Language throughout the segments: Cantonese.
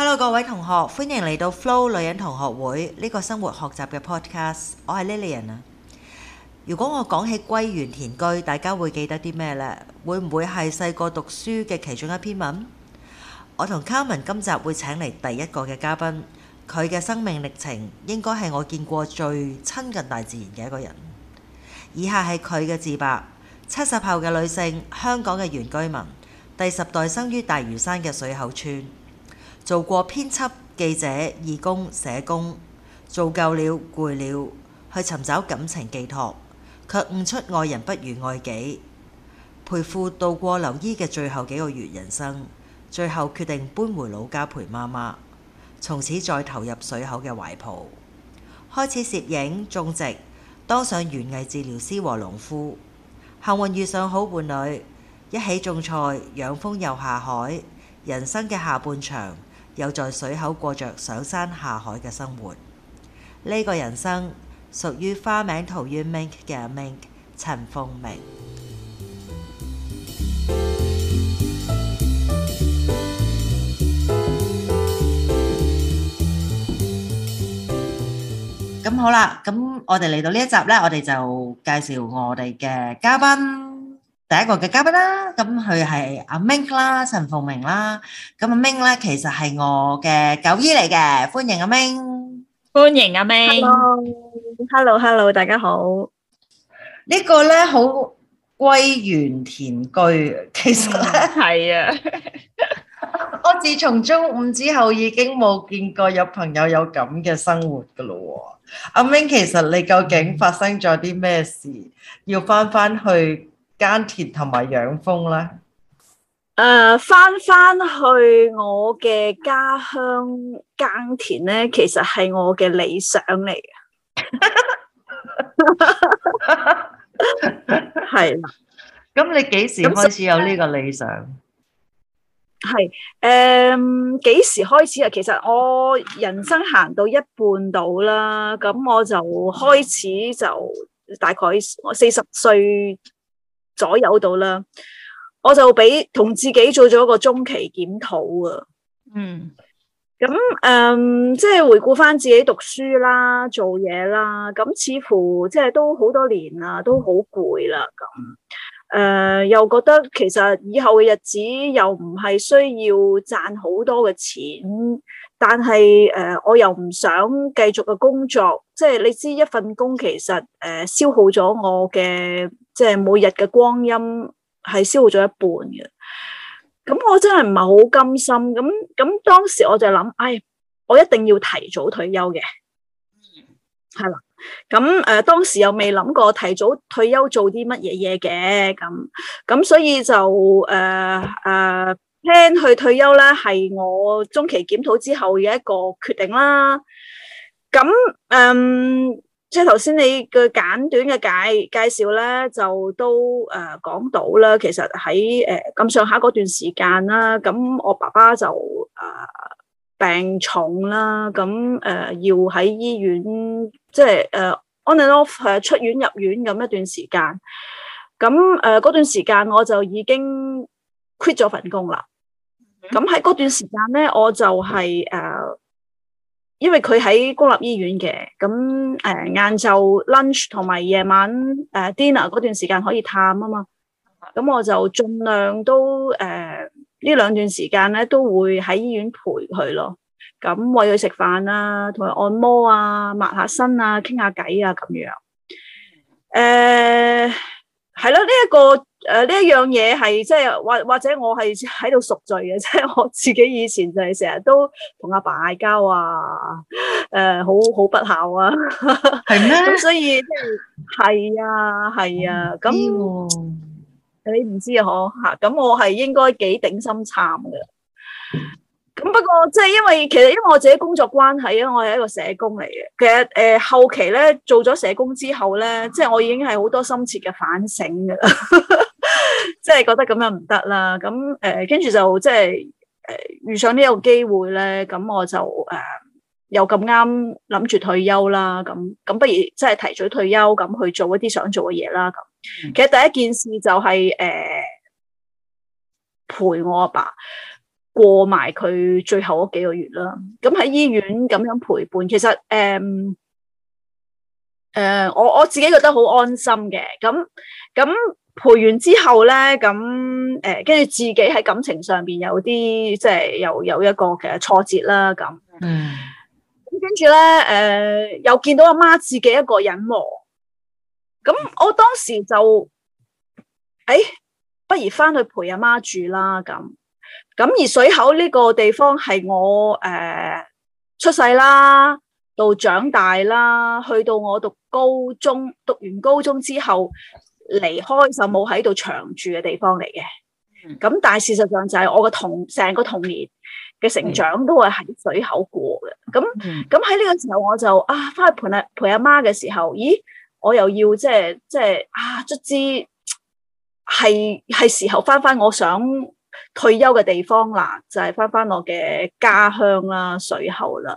Hello，各位同學，歡迎嚟到 Flo 女人同學會呢個生活學習嘅 podcast。我係 Lillian 啊。如果我講起《歸園田居》，大家會記得啲咩呢？會唔會係細個讀書嘅其中一篇文？我同 Carmen 今集會請嚟第一個嘅嘉賓，佢嘅生命歷程應該係我見過最親近大自然嘅一個人。以下係佢嘅自白：七十後嘅女性，香港嘅原居民，第十代生於大嶼山嘅水口村。做過編輯、記者、義工、社工，做夠了，攰了，去尋找感情寄託，卻悟出愛人不如愛己，陪父渡過留醫嘅最後幾個月人生，最後決定搬回老家陪媽媽，從此再投入水口嘅懷抱，開始攝影、種植，當上園藝治療師和農夫，幸運遇上好伴侶，一起種菜、養蜂又下海，人生嘅下半場。又在水口過着上山下海嘅生活，呢個人生屬於花名陶淵明 Mink 嘅 Mink 陳鳳明。咁好啦，咁我哋嚟到呢一集呢，我哋就介紹我哋嘅嘉賓。第一個嘅嘉賓啦，咁佢係阿 Mink 啦，陳鳳明啦，咁阿 Mink 咧其實係我嘅九姨嚟嘅，歡迎阿 Mink，歡迎阿 Mink。Hello，hello，hello，大家好。呢個咧好歸園田居，其實係啊。我自從中午之後，已經冇見過有朋友有咁嘅生活噶啦喎。阿 Mink，其實你究竟發生咗啲咩事，要返返去？耕田同埋養蜂咧，誒，返返去我嘅家鄉耕田咧，其實係我嘅理想嚟嘅，係啦。咁你幾時開始有呢個理想？係誒、嗯，幾時開始啊？其實我人生行到一半到啦，咁我就開始就大概我四十歲。左右到啦，我就俾同自己做咗一個中期檢討啊。嗯，咁誒、呃，即係回顧翻自己讀書啦、做嘢啦，咁似乎即係都好多年啦，都好攰啦。咁誒、呃，又覺得其實以後嘅日子又唔係需要賺好多嘅錢，但係誒、呃，我又唔想繼續嘅工作，即係你知一份工其實誒、呃、消耗咗我嘅。即係每日嘅光陰係消耗咗一半嘅，咁我真係唔係好甘心。咁咁當時我就諗，唉,我一定要提早退休嘅，係啦。咁誒，當時又未諗過提早退休做啲乜嘢嘢嘅，咁咁所以就誒誒 plan 去退休呢，係我中期檢討之後嘅一個決定啦。咁誒。即係頭先你嘅簡短嘅介介紹咧，就都誒、呃、講到啦。其實喺誒咁上下嗰段時間啦，咁我爸爸就誒、呃、病重啦，咁誒、呃、要喺醫院，即係誒、呃、on and off 係出院入院咁一段時間。咁誒嗰段時間我就已經 quit 咗份工啦。咁喺嗰段時間咧，我就係、是、誒。呃因為佢喺公立醫院嘅，咁誒晏晝 lunch 同埋夜晚誒 dinner 嗰段時間可以探啊嘛，咁我就盡量都誒呢、呃、兩段時間咧都會喺醫院陪佢咯，咁、呃、喂佢食飯啊，同佢按摩啊、抹下身啊、傾下偈啊咁樣，誒、呃。係咯，呢、啊這個呃、一個誒呢一樣嘢係即係或者或者我係喺度贖罪嘅。即係我自己以前就係成日都同阿爸嗌交啊，誒好好不孝啊。係咩？咁嗎所以即係係啊係啊，咁、啊啊、你唔知啊嗬嚇，咁我係應該幾頂心杉嘅。咁不過即係，因為其實因為我自己工作關係啊，我係一個社工嚟嘅。其實誒後期咧，做咗社工之後咧，即係我已經係好多深切嘅反省噶啦， 即係覺得咁樣唔得啦。咁誒跟住就即係誒遇上呢個機會咧，咁我就誒又咁啱諗住退休啦。咁咁不如即係提早退休咁去做一啲想做嘅嘢啦。咁其實第一件事就係誒陪我阿爸。過埋佢最後嗰幾個月啦，咁喺醫院咁樣陪伴，其實誒誒、嗯嗯，我我自己覺得好安心嘅。咁咁陪完之後咧，咁誒，跟、呃、住自己喺感情上邊有啲即係又有，有一個嘅挫折啦。咁嗯，咁跟住咧，誒、呃，又見到阿媽自己一個人喎。咁我當時就誒、欸，不如翻去陪阿媽住啦。咁咁而水口呢個地方係我誒、呃、出世啦，到長大啦，去到我讀高中，讀完高中之後離開就冇喺度長住嘅地方嚟嘅。咁但係事實上就係我個童成個童年嘅成長都係喺水口過嘅。咁咁喺呢個時候我就啊翻去陪阿陪阿媽嘅時候，咦我又要即係即係啊卒之係係時候翻翻我想，退休嘅地方啦，就係返返我嘅家鄉啦，水口啦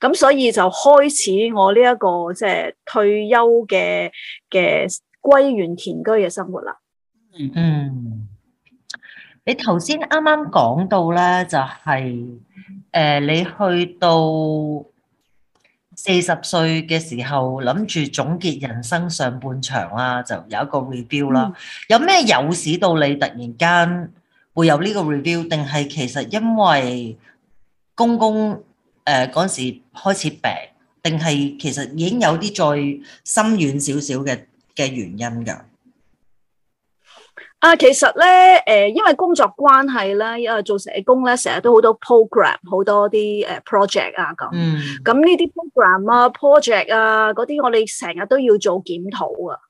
咁，咁所以就開始我呢、這、一個即係、就是、退休嘅嘅歸園田居嘅生活啦。嗯，你頭先啱啱講到咧、就是，就係誒，你去到四十歲嘅時候，諗住總結人生上半場啦，就有一個 review 啦，嗯、有咩有使到你突然間？會有呢個 review，定係其實因為公公誒嗰陣時開始病，定係其實已經有啲再深遠少少嘅嘅原因噶？啊，其實咧誒，因為工作關係咧，因為做社工咧，成日都好多 program 好多啲誒 project 啊咁。咁呢啲 program 啊 project 啊嗰啲，我哋成日都要做檢討啊。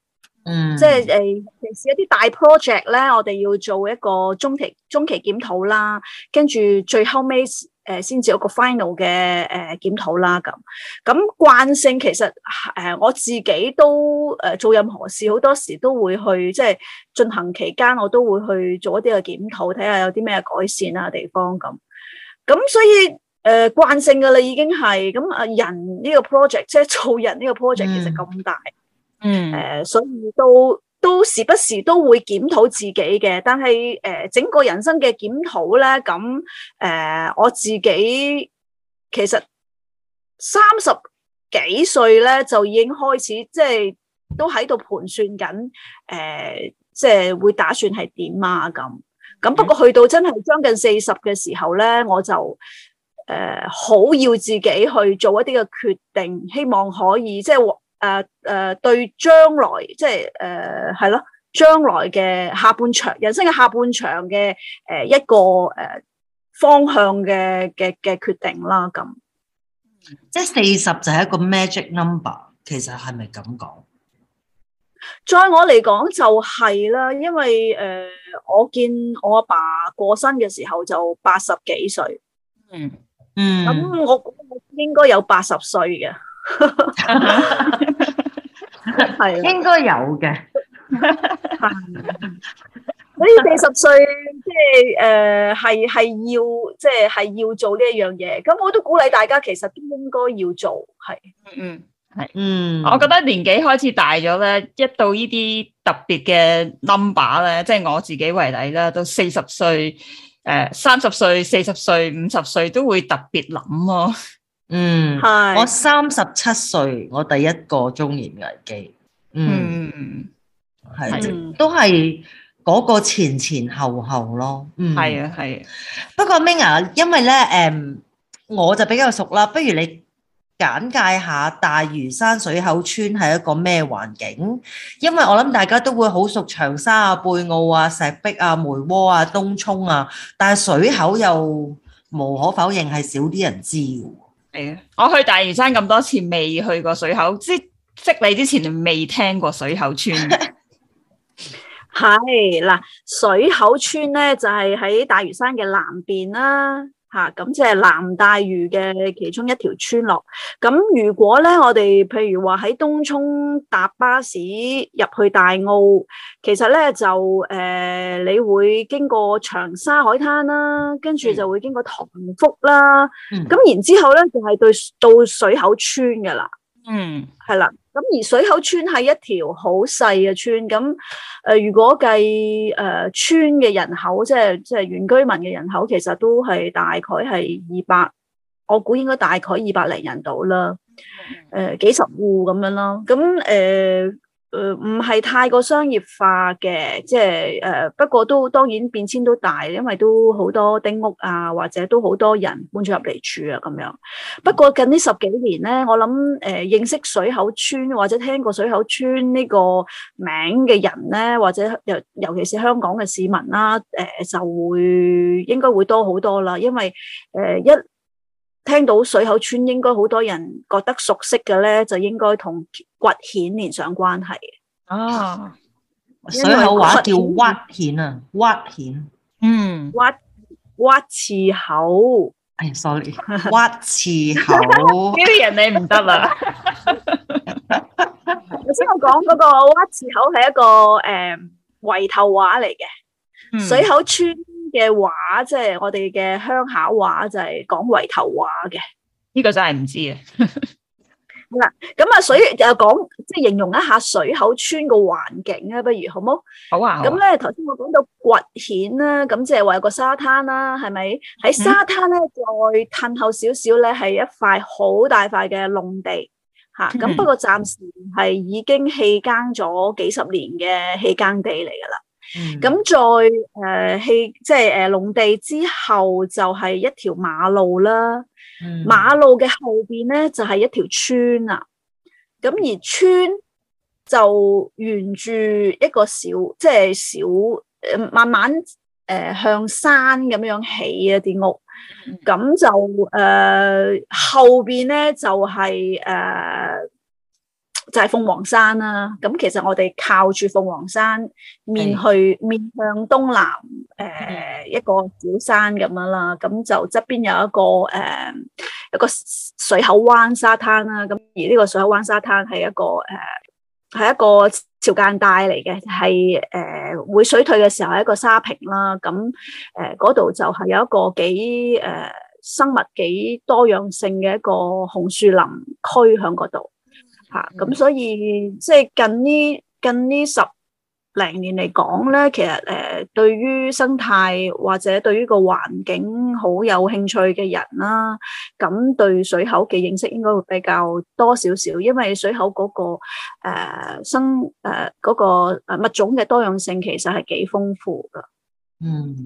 嗯，即係誒，平時一啲大 project 咧，我哋要做一個中期中期檢討啦，跟住最後尾誒先至有個 final 嘅誒檢討啦咁。咁慣性其實誒、呃、我自己都誒、呃、做任何事好多時都會去即係進行期間，我都會去做一啲嘅檢討，睇下有啲咩改善啊地方咁。咁所以誒慣、呃、性噶啦已經係咁啊人呢個 project 即係做人呢個 project 其實咁大。嗯嗯，誒、呃，所以都都時不時都會檢討自己嘅，但係誒、呃，整個人生嘅檢討咧，咁、呃、誒，我自己其實三十幾歲咧就已經開始，即係都喺度盤算緊，誒、呃，即係會打算係點啊？咁咁不過去到真係將近四十嘅時候咧，我就誒、呃、好要自己去做一啲嘅決定，希望可以即係。誒誒，uh, uh, 對將來即係誒係咯，將來嘅下半場，人生嘅下半場嘅誒、呃、一個誒、呃、方向嘅嘅嘅決定啦，咁即係四十就係一個 magic number，其實係咪咁講？在我嚟講就係、是、啦，因為誒、呃、我見我阿爸，爸過身嘅時候就八十幾歲，嗯嗯，咁、嗯、我估我應該有八十歲嘅。係，應該有嘅。所以四十歲即係誒，係係要即係係要做呢一樣嘢。咁我都鼓勵大家，其實都應該要做。係，嗯，係，嗯。我覺得年紀開始大咗咧，一到呢啲特別嘅 number 咧，即係我自己為例啦，到四十歲，誒，三十歲、四十歲、五十歲都會特別諗咯。嗯，係的我三十七歲，我第一個中年危機。嗯，係的的都係嗰個前前後後咯。嗯，係啊係啊。不過 Mink 啊，因為咧誒、嗯，我就比較熟啦。不如你簡介下大嶼山水口村係一個咩環境？因為我諗大家都會好熟長沙啊、貝澳啊、石壁啊、梅窩啊、東涌啊，但係水口又無可否認係少啲人知。係，我去大嶼山咁多次，未去過水口。即識你之前，未聽過水口村。係嗱，水口村咧就係、是、喺大嶼山嘅南邊啦、啊。啊，咁即係南大嶼嘅其中一條村落。咁如果咧，我哋譬如話喺東涌搭巴士入去大澳，其實咧就誒、呃，你會經過長沙海灘啦，跟住就會經過塘福啦，咁、嗯、然之後咧就係、是、對到水口村嘅啦。嗯，係啦，咁而水口村係一條好細嘅村，咁誒、呃，如果計誒、呃、村嘅人口，即係即係原居民嘅人口，其實都係大概係二百，我估應該大概二百零人度啦，誒、呃，幾十戶咁樣囉，咁誒。呃誒，唔係、呃、太過商業化嘅，即係誒，不過都當然變遷都大，因為都好多丁屋啊，或者都好多人搬咗入嚟住啊，咁樣。不過近呢十幾年咧，我諗誒、呃，認識水口村或者聽過水口村呢個名嘅人咧，或者尤尤其是香港嘅市民啦、啊，誒、呃，就會應該會多好多啦，因為誒、呃、一聽到水口村，應該好多人覺得熟悉嘅咧，就應該同。挖顯連上關係啊，水口話叫屈顯啊，屈顯，嗯，挖挖池口，哎呀，sorry，挖池口，呢啲人你唔得啊！頭先我講嗰個屈池口係一個誒圍頭話嚟嘅。嗯、水口村嘅話即係我哋嘅鄉下話就係講圍頭話嘅，呢個真係唔知啊。 好啦，咁啊，所以就講即係形容一下水口村個環境啊，不如好冇？好啊！咁咧，頭先我講到掘蜆啦，咁即係話有個沙灘啦，係咪？喺沙灘咧，再褪後少少咧，係一塊好大塊嘅農地，吓咁。不過暫時係已經棄耕咗幾十年嘅棄耕地嚟噶啦。咁再誒棄即係誒農地之後，就係一條馬路啦。嗯、馬路嘅後邊咧就係、是、一條村啦，咁而村就沿住一個小即係、就是、小誒，慢慢誒、呃、向山咁樣起一啲屋，咁、嗯、就誒、呃、後邊咧就係、是、誒。呃就係鳳凰山啦、啊，咁其實我哋靠住鳳凰山面去、嗯、面向東南，誒、呃嗯、一個小山咁樣啦、啊，咁就側邊有一個誒、呃、一個水口灣沙灘啦、啊，咁而呢個水口灣沙灘係一個誒係、呃、一個潮間帶嚟嘅，係誒、呃、會水退嘅時候係一個沙坪啦，咁誒嗰度就係有一個幾誒、呃、生物幾多樣性嘅一個紅樹林區喺嗰度。吓咁，所以即係近呢近呢十零年嚟講咧，其實誒，對於生態或者對於個環境好有興趣嘅人啦，咁對水口嘅認識應該會比較多少少，因為水口嗰個誒生誒嗰個誒物種嘅多樣性其實係幾豐富噶。嗯，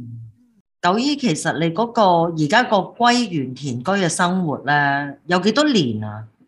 九姨，其實你嗰個而家個歸園田居嘅生活咧，有幾多年啊？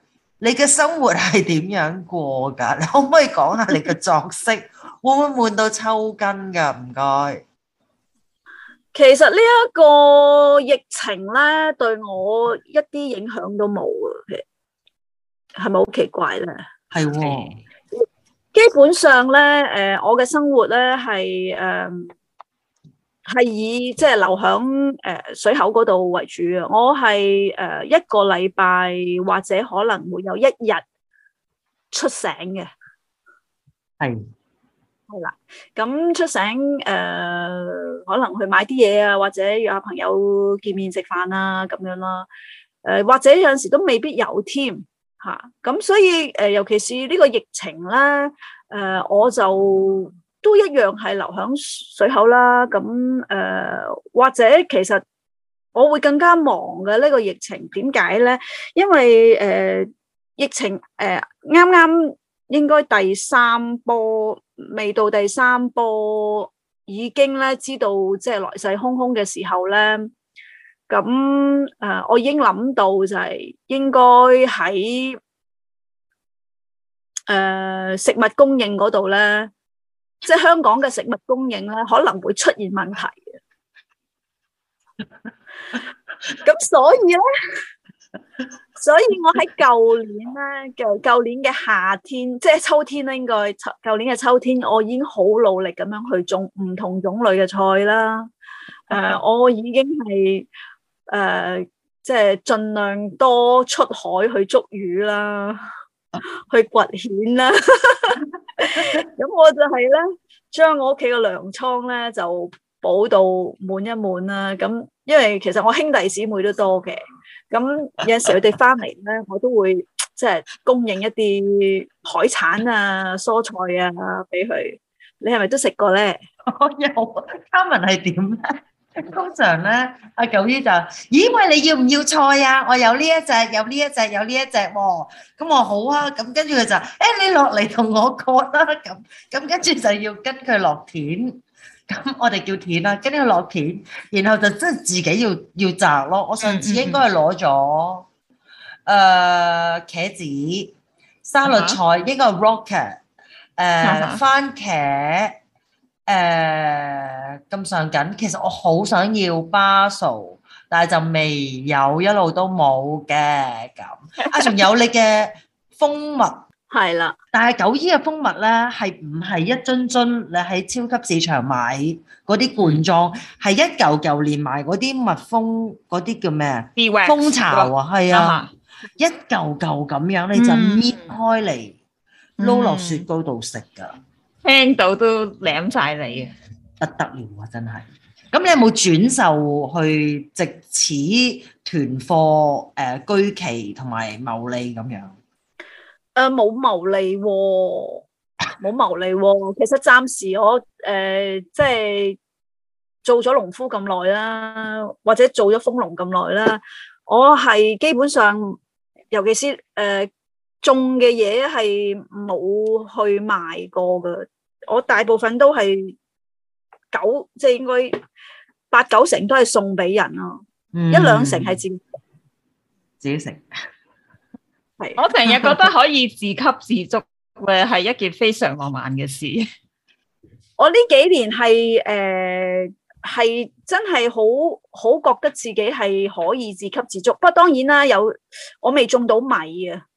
～你嘅生活係點樣過噶？你可唔可以講下你嘅作息？ 會唔會悶到抽筋噶？唔該。其實呢一個疫情咧，對我一啲影響都冇嘅，係咪好奇怪咧？係 ，基本上咧，誒、呃，我嘅生活咧係誒。係以即係留響誒水口嗰度為主啊！我係誒一個禮拜或者可能會有一日出城嘅，係係啦。咁出城誒，可能去買啲嘢啊，或者約下朋友見面食飯啊，咁樣啦。誒，或者有陣時都未必有添吓。咁所以誒，尤其是呢個疫情咧，誒，我就。都一樣係留喺水口啦，咁誒或者其實我會更加忙嘅。呢個疫情點解咧？因為誒疫情誒，啱啱應該第三波未到第三波，已經咧知道即係來勢洶洶嘅時候咧，咁誒我已經諗到就係應該喺誒食物供應嗰度咧。即係香港嘅食物供應咧，可能會出現問題嘅。咁 所以咧， 所以我喺舊年咧，舊舊年嘅夏天，即係秋天啦，應該舊年嘅秋天，我已經好努力咁樣去種唔同種類嘅菜啦。誒，Okay. uh, 我已經係誒，即、uh, 係盡量多出海去捉魚啦，Okay. 去掘蜆啦。 咁 我就係咧，將我屋企嘅糧倉咧就補到滿一滿啦。咁因為其實我兄弟姊妹都多嘅，咁有陣時佢哋翻嚟咧，我都會即係、就是、供應一啲海產啊、蔬菜啊俾佢。你係咪都食過咧？我 有啊。Carmen 係點咧？通常咧，阿九姨就咦喂，你要唔要菜啊？我有呢一隻，有呢一隻，有呢一隻喎、哦。咁、嗯、我好啊，咁、嗯、跟住佢就誒、欸，你落嚟同我割啦、啊。咁、嗯、咁跟住就要跟佢落田。咁、嗯、我哋叫田啦，跟住落田，然後就真係自己要要摘咯。我上次應該係攞咗誒茄子、沙律菜，應該係 rocket，誒、呃、番茄。誒咁上緊，其實我好想要 basal，但係就未有，一路都冇嘅咁。啊，仲有你嘅蜂蜜，係啦。但係九姨嘅蜂蜜咧，係唔係一樽樽你喺超級市場買嗰啲罐裝，係一嚿嚿連埋嗰啲蜜蜂嗰啲叫咩啊？蜂巢啊，係啊，一嚿嚿咁樣你就搣開嚟撈落雪糕度食㗎。聽到都舐晒你啊！不得了啊，真係。咁你有冇轉售去直此囤貨？誒，居奇同埋牟利咁樣？誒，冇牟利喎，冇牟利喎。其實暫時我誒，即係做咗農夫咁耐啦，或者做咗蜂農咁耐啦，我係基本上，尤其是誒。種嘅嘢係冇去賣過㗎，我大部分都係九，即係應該八九成都係送俾人咯，嗯、一兩成係自自己食。係 我成日覺得可以自給自足嘅係一件非常浪漫嘅事。 我呢幾年係誒係真係好好覺得自己係可以自給自足，不過當然啦，有我未種到米啊。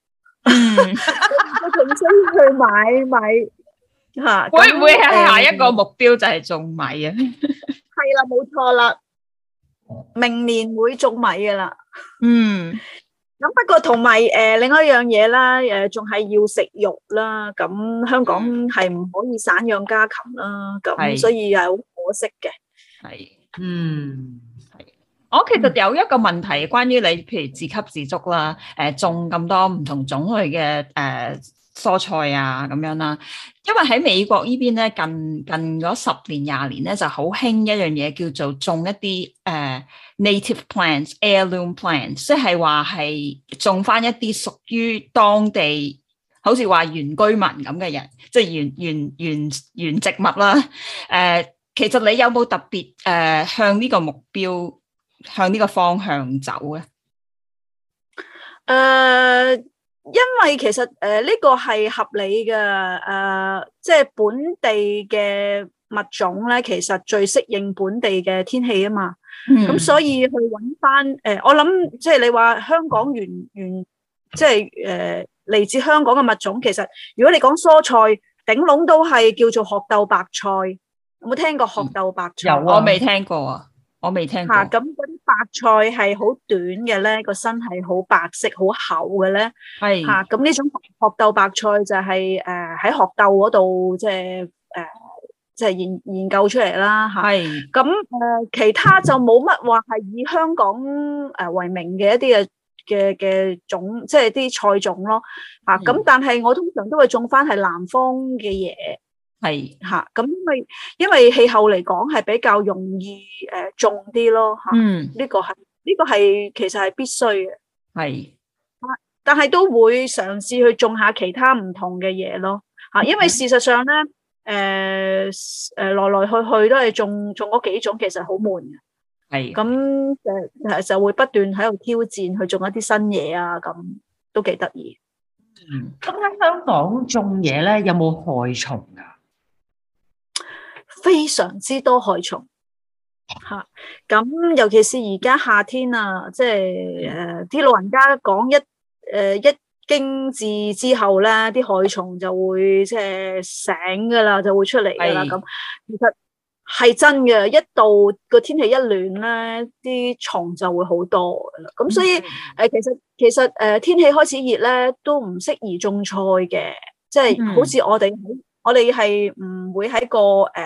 嗯，我仲需要去買米吓，會唔會係下一個目標就係種米啊？係啦，冇錯啦，明年會種米噶啦。嗯，咁不過同埋誒，另外一樣嘢啦，誒，仲係要食肉啦。咁香港係唔可以散養家禽啦，咁所以係好可惜嘅。係，嗯。我其實有一個問題，關於你譬如自給自足啦，誒種咁多唔同種類嘅誒蔬菜啊咁樣啦。因為喺美國呢邊咧，近近咗十年廿年咧就好興一樣嘢，叫做種一啲誒 native plants, heirloom plants，即係話係種翻一啲屬於當地，好似話原居民咁嘅人，即係原原原原植物啦。誒，其實你有冇特別誒向呢個目標？向呢個方向走咧？誒、呃，因為其實誒呢、呃這個係合理嘅，誒、呃，即係本地嘅物種咧，其實最適應本地嘅天氣啊嘛。咁、嗯、所以去揾翻誒，我諗即係你話香港原原，即係誒嚟自香港嘅物種，其實如果你講蔬菜，頂籠都係叫做鶴藪白菜。有冇聽過鶴藪白菜，啊嗯？有啊，我未聽過啊。我未聽嚇，咁嗰啲白菜係好短嘅咧，個身係好白色、好厚嘅咧，係嚇是。咁呢、啊嗯、種鶴藪白菜就係誒喺鶴藪嗰度，即係誒即係研研究出嚟啦，係、啊。咁誒是、啊、其他就冇乜話係以香港誒為名嘅一啲嘅嘅嘅種，即係啲菜種咯。嚇、啊，咁、嗯啊嗯、但係我通常都會種翻係南方嘅嘢。係吓，咁因為因為氣候嚟講係比較容易誒種啲咯吓，呢個係呢個係其實係必須嘅。係，但係都會嘗試去種下其他唔同嘅嘢咯吓，因為事實上咧誒誒來來去去都係種種嗰幾種，其實好悶嘅。係咁誒誒就會不斷喺度挑戰去種一啲新嘢啊，咁都幾得意。嗯，咁喺香港種嘢咧有冇害蟲啊？非常之多害蟲嚇，咁、啊、尤其是而家夏天啊，即係誒啲老人家講一誒、呃、一驚蟄之後咧，啲害蟲就會即係醒噶啦，就會出嚟噶啦咁。是其實係真嘅，一到個天氣一暖咧，啲蟲就會好多。咁所以誒是、呃，其實其實誒、呃、天氣開始熱咧，都唔適宜種菜嘅，即係好似我哋。我哋係唔會喺個誒喺、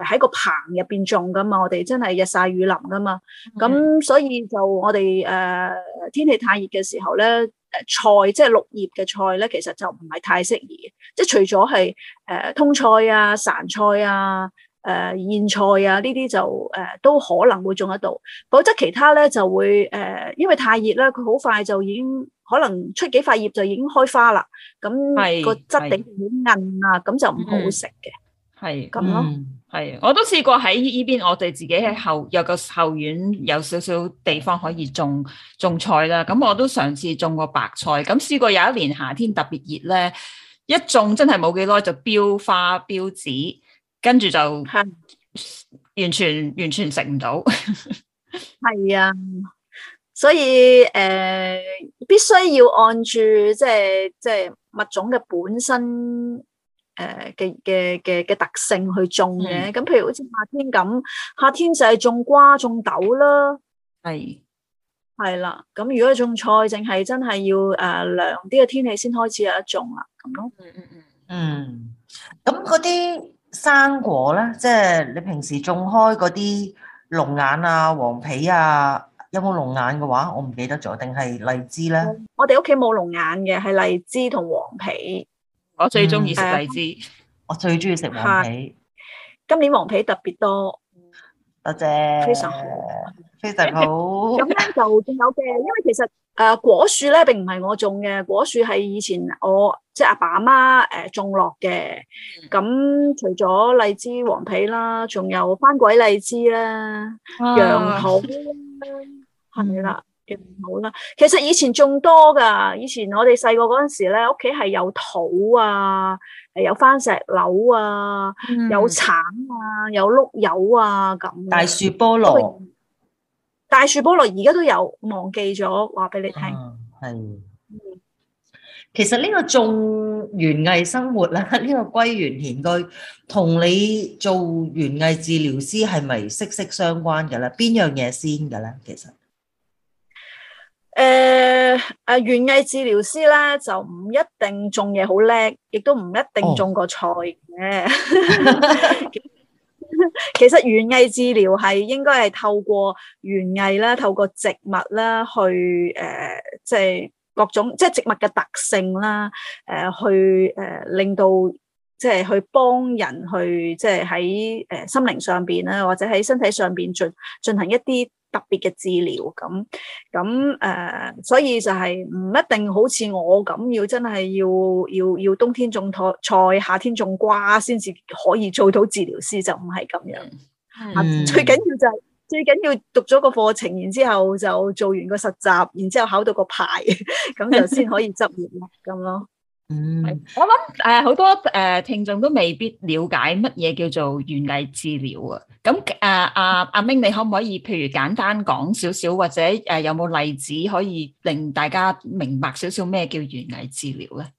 呃、個棚入邊種㗎嘛，我哋真係日曬雨淋㗎嘛，咁所以就我哋誒、呃、天氣太熱嘅時候咧，誒菜即係綠葉嘅菜咧，其實就唔係太適宜，即係除咗係誒通菜啊、潺菜啊，誒、呃、莧菜啊，呢啲就誒、呃、都可能會種得到，否則其他咧就會誒、呃，因為太熱咧，佢好快就已經可能出幾塊葉就已經開花啦。咁個質地好硬啊，咁就唔好食嘅。係咁咯。係，我都試過喺依邊，我哋自己喺後有個後院，有少少地方可以種種菜啦。咁我都嘗試種過白菜，咁試過有一年夏天特別熱咧，一種真係冇幾耐就飆花飆籽。跟住就完全完全食唔到，係啊，所以誒，必須要按住即係即係物種嘅本身誒嘅嘅嘅嘅特性去種嘅。咁譬如好似夏天咁，夏天就係種瓜種豆啦，係係啦。咁如果種菜，淨係真係要誒涼啲嘅天氣先開始有得種啦，咁咯。嗯嗯嗯，嗯。咁嗰啲。生果咧，即係你平時種開嗰啲龍眼啊、黃皮啊，有冇龍眼嘅話，我唔記得咗，定係荔枝咧、嗯？我哋屋企冇龍眼嘅，係荔枝同黃皮。我最中意食荔枝，嗯、我最中意食黃皮。今年黃皮特別多，多謝，非常好，非常好。咁咧就仲有嘅，因為其實。誒、啊，果樹咧並唔係我種嘅，果樹係以前我即係阿爸阿媽誒種落嘅。咁、嗯、除咗荔枝黃皮啦，仲有番鬼荔枝啦，楊哇桃係啦，楊桃啦，其實以前種多噶。以前我哋細個嗰陣時咧，屋企係有桃啊，誒有番石榴啊，嗯、有橙啊，有碌柚啊咁。大樹菠蘿。大樹菠蘿而家都有，忘記咗話俾你聽，係，其實呢個種園藝生活啦，呢個歸園田居，同你做園藝治療師係咪息息相關噶啦？邊樣嘢先噶咧？其實，誒誒，園藝治療師咧就唔一定種嘢好叻，亦都唔一定種過菜嘅。 其實園藝治療係應該係透過園藝啦，透過植物啦，去誒，即、呃、係、就是、各種即係、就是、植物嘅特性啦，誒、呃，去誒、呃、令到即係、就是、去幫人去即係喺誒心靈上面啦，或者喺身體上面進進行一啲。特別嘅治療咁咁，誒，所以就係唔一定好似我咁要真係要要要冬天種菜，夏天種瓜先至可以做到治療師，就唔係咁樣。啊，最緊要就係、係、最緊要讀咗個課程，然之後就做完個實習，然之後考到個牌，咁 就先可以執業啦，咁咯。我諗誒，好多誒聽眾都未必了解乜嘢叫做園藝治療啊。咁誒，阿阿明，你可唔可以譬如簡單講少少，或者誒有冇例子可以令大家明白少少咩叫園藝治療咧？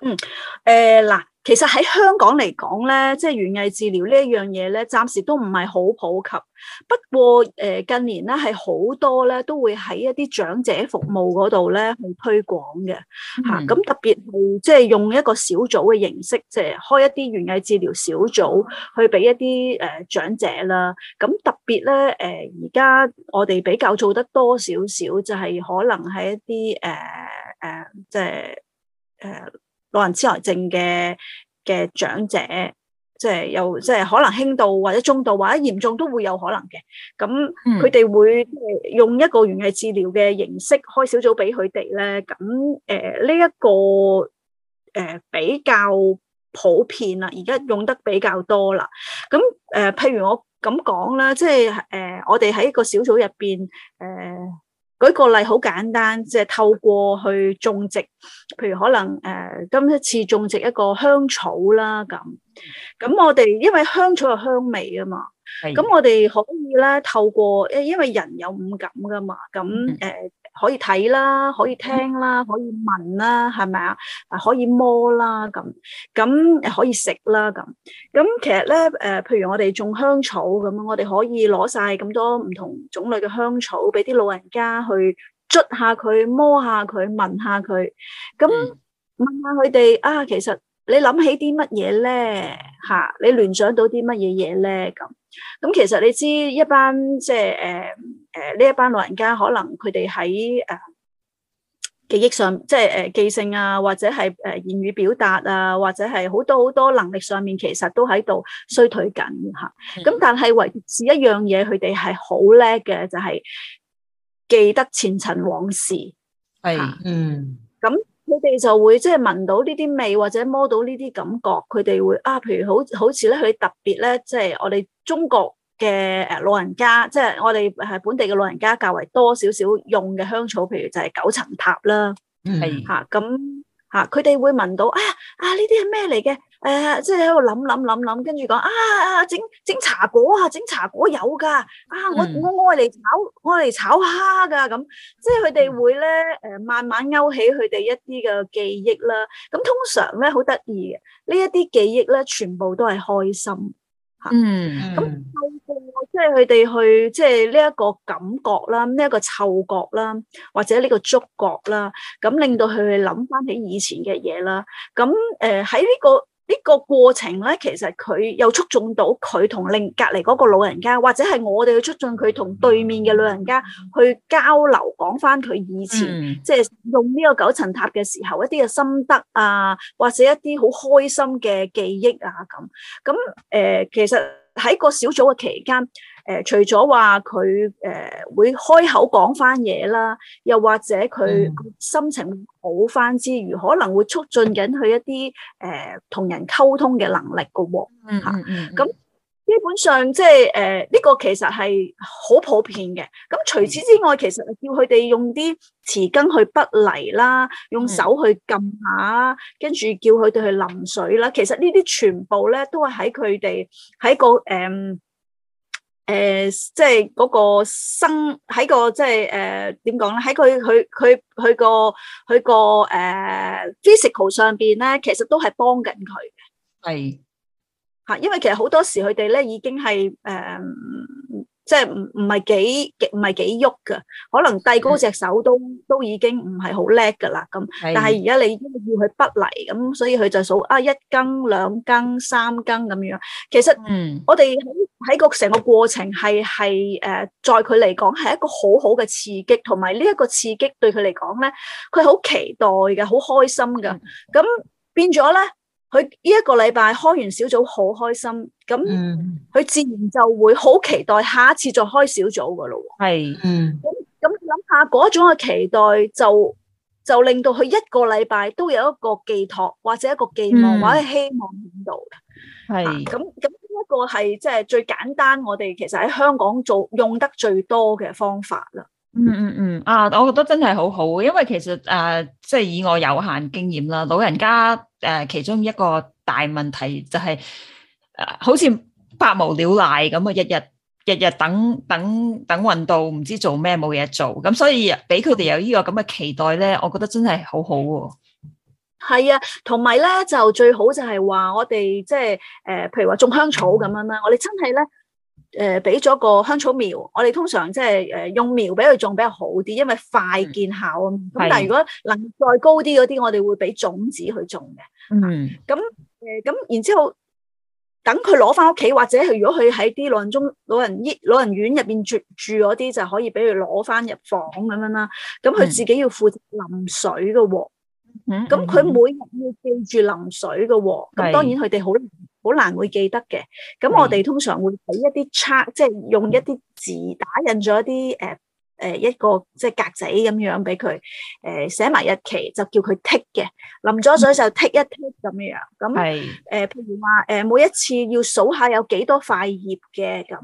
嗯，誒嗱。其實喺香港嚟講咧，即係園藝治療呢一樣嘢咧，暫時都唔係好普及。不過誒，近年咧係好多咧，都會喺一啲長者服務嗰度咧去推廣嘅吓。咁、嗯啊、特別係即係用一個小組嘅形式，即、就、係、是、開一啲園藝治療小組去，去俾一啲誒長者啦。咁特別咧，誒而家我哋比較做得多少少，就係、是、可能喺一啲誒誒，即係誒。呃就是呃老人痴呆症嘅嘅長者，即係又，即係可能輕度或者中度或者嚴重都會有可能嘅。咁佢哋會用一個園藝治療嘅形式開小組俾佢哋咧。咁誒呢一個誒、呃、比較普遍啦，而家用得比較多啦。咁誒、呃，譬如我咁講啦，即係誒、呃，我哋喺一個小組入邊誒。呃舉個例，好簡單，即係透過去種植，譬如可能誒今一次種植一個香草啦，咁，咁我哋因為香草有香味啊嘛，咁我哋可以咧透過，誒因為人有五感㗎嘛，咁誒。可以睇啦，可以聽啦，可以聞啦，係咪啊？可以摸啦，咁咁可以食啦，咁咁其實咧，誒、呃，譬如我哋種香草咁，我哋可以攞晒咁多唔同種類嘅香草，俾啲老人家去捽下佢，摸下佢，聞下佢，咁問下佢哋啊，其實你諗起啲乜嘢咧？吓、啊，你聯想到啲乜嘢嘢咧？咁。咁其實你知一班即係誒誒呢一班老人家，可能佢哋喺誒記憶上，即係誒記性啊，或者係誒、呃、言語表達啊，或者係好多好多能力上面，其實都喺度衰退緊吓。咁、啊、但係維持一樣嘢，佢哋係好叻嘅，就係、是、記得前塵往事。係、啊、嗯咁。啊佢哋就會即係聞到呢啲味，或者摸到呢啲感覺，佢哋會啊，譬如好好似咧，佢特別咧，即係我哋中國嘅誒老人家，即係我哋誒本地嘅老人家較為多少少用嘅香草，譬如就係九層塔啦，嚇咁嚇，佢哋啊會聞到啊啊，呢啲係咩嚟嘅？誒，即係喺度諗諗諗諗，跟住講啊，整整茶果啊，整茶果有噶，啊，我我愛嚟炒，愛嚟炒蝦噶，咁即係佢哋會咧，誒、呃，慢慢勾起佢哋一啲嘅記憶啦。咁通常咧好得意嘅，呢一啲記憶咧，全部都係開心吓、嗯。嗯，咁、啊、即係佢哋去，即係呢一個感覺啦，呢、這、一個嗅覺啦，或者呢個觸覺啦，咁令到佢去諗翻起以前嘅嘢啦。咁誒喺呢個。呢個過程咧，其實佢又促進到佢同另隔離嗰個老人家，或者係我哋去促進佢同對面嘅老人家去交流，講翻佢以前、嗯、即係用呢個九層塔嘅時候一啲嘅心得啊，或者一啲好開心嘅記憶啊咁。咁誒、呃，其實喺個小組嘅期間。誒、呃，除咗話佢誒會開口講翻嘢啦，又或者佢心情好翻之餘，嗯、可能會促進緊佢一啲誒同人溝通嘅能力嘅喎、啊。咁、嗯嗯啊、基本上即係誒，呢、呃這個其實係好普遍嘅。咁除此之外，嗯、其實叫佢哋用啲匙羹去不泥啦，用手去撳下，跟住、嗯、叫佢哋去淋水啦。其實呢啲全部咧都係喺佢哋喺個誒。嗯誒，即係嗰個生喺個即係誒，點講咧？喺佢佢佢佢個佢個誒 physical 上邊咧，其實都係幫緊佢嘅。係吓，因為其實好多時佢哋咧已經係誒，即係唔唔係幾唔係幾喐噶，可能遞高隻手都都已經唔係好叻噶啦咁。但係而家你已經要佢不嚟咁，所以佢就數啊一斤、兩斤、三斤咁樣。其實我哋喺。喺個成個過程係係誒，在佢嚟講係一個好好嘅刺激，同埋呢一個刺激對佢嚟講咧，佢好期待嘅，好開心嘅。咁變咗咧，佢呢一個禮拜開完小組好開心，咁佢自然就會好期待下一次再開小組噶咯。係，嗯，咁咁諗下嗰種嘅期待，就就令到佢一個禮拜都有一個寄託，或者一個寄望，或者希望喺度嘅。係，咁咁。個係即係最簡單，我哋其實喺香港做用得最多嘅方法啦。嗯嗯嗯，啊，我覺得真係好好，因為其實誒、呃，即係以我有限經驗啦，老人家誒、呃，其中一個大問題就係、是、誒、呃，好似百無聊賴咁啊，日日日日等等等運到，唔知做咩冇嘢做，咁所以俾佢哋有呢、這個咁嘅期待咧，我覺得真係好好啊。係啊，同埋咧就最好就係話我哋即係誒，譬如話種香草咁樣啦。我哋真係咧誒，俾、呃、咗個香草苗。我哋通常即係誒用苗俾佢種比較好啲，因為快見效啊。咁、嗯、但係如果能再高啲嗰啲，的我哋會俾種子去種嘅。嗯。咁誒、啊，咁、呃、然之後等佢攞翻屋企，或者如果佢喺啲老人中、老人老人院入邊住住嗰啲，就可以俾佢攞翻入房咁樣啦。咁佢自己要負責淋水嘅喎。嗯啊咁佢，嗯嗯、每日要記住淋水嘅，哦，咁是當然佢哋好好難會記得嘅。咁我哋通常會俾一啲 check，即係用一啲字打印咗一啲誒誒一個即係格仔咁樣俾佢誒寫埋日期，就叫佢剔嘅。淋咗水就剔一剔 i c k 咁樣。咁是、呃、譬如話誒、呃、每一次要數下有幾多塊葉嘅咁，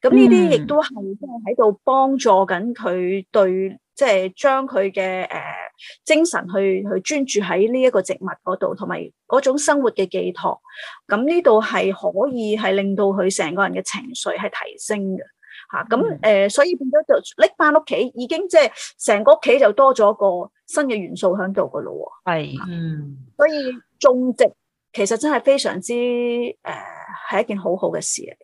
咁呢啲亦都係喺度幫助緊佢對，即係將佢嘅誒。呃精神去去專注喺呢一個植物嗰度，同埋嗰種生活嘅寄託，咁呢度係可以係令到佢成個人嘅情緒係提升嘅，吓咁誒，所以變咗就拎翻屋企，已經即係成個屋企就多咗個新嘅元素喺度噶咯，係，嗯，所以種植其實真係非常之誒，係、呃、一件好好嘅事嚟，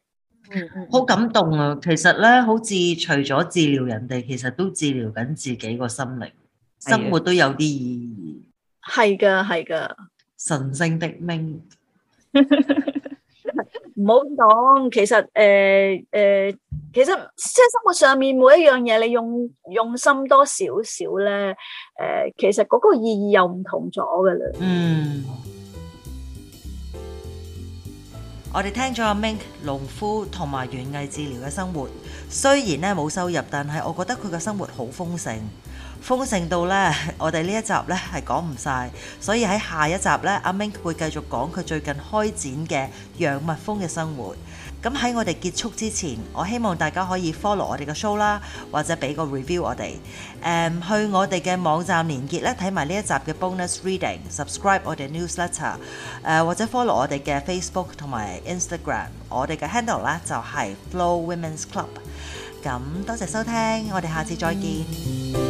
嗯，嗯嗯，好感動啊！其實咧，好似除咗治療人哋，其實都治療緊自己個心靈。生活都有啲意義，係噶，係噶。神聖的命，唔好講。其實，誒誒，其實即係生活上面每一樣嘢，你用用心多少少咧，誒，其實嗰個意義又唔同咗噶啦。嗯。我哋聽咗阿 Mink 農夫同埋園藝治療嘅生活，雖然咧冇收入，但係我覺得佢嘅生活好豐盛。豐盛到咧，我哋呢一集咧係講唔晒，所以喺下一集咧，阿 Mink 會繼續講佢最近開展嘅養蜜蜂嘅生活。咁喺我哋結束之前，我希望大家可以 follow 我哋嘅 show 啦，或者俾個 review 我哋。誒，去我哋嘅網站連結咧睇埋呢一集嘅 bonus reading，subscribe 我哋 newsletter，誒或者 follow 我哋嘅 Facebook 同埋 Instagram。我哋嘅 handle 咧就係 Flo Women's Club。咁多謝收聽，我哋下次再見。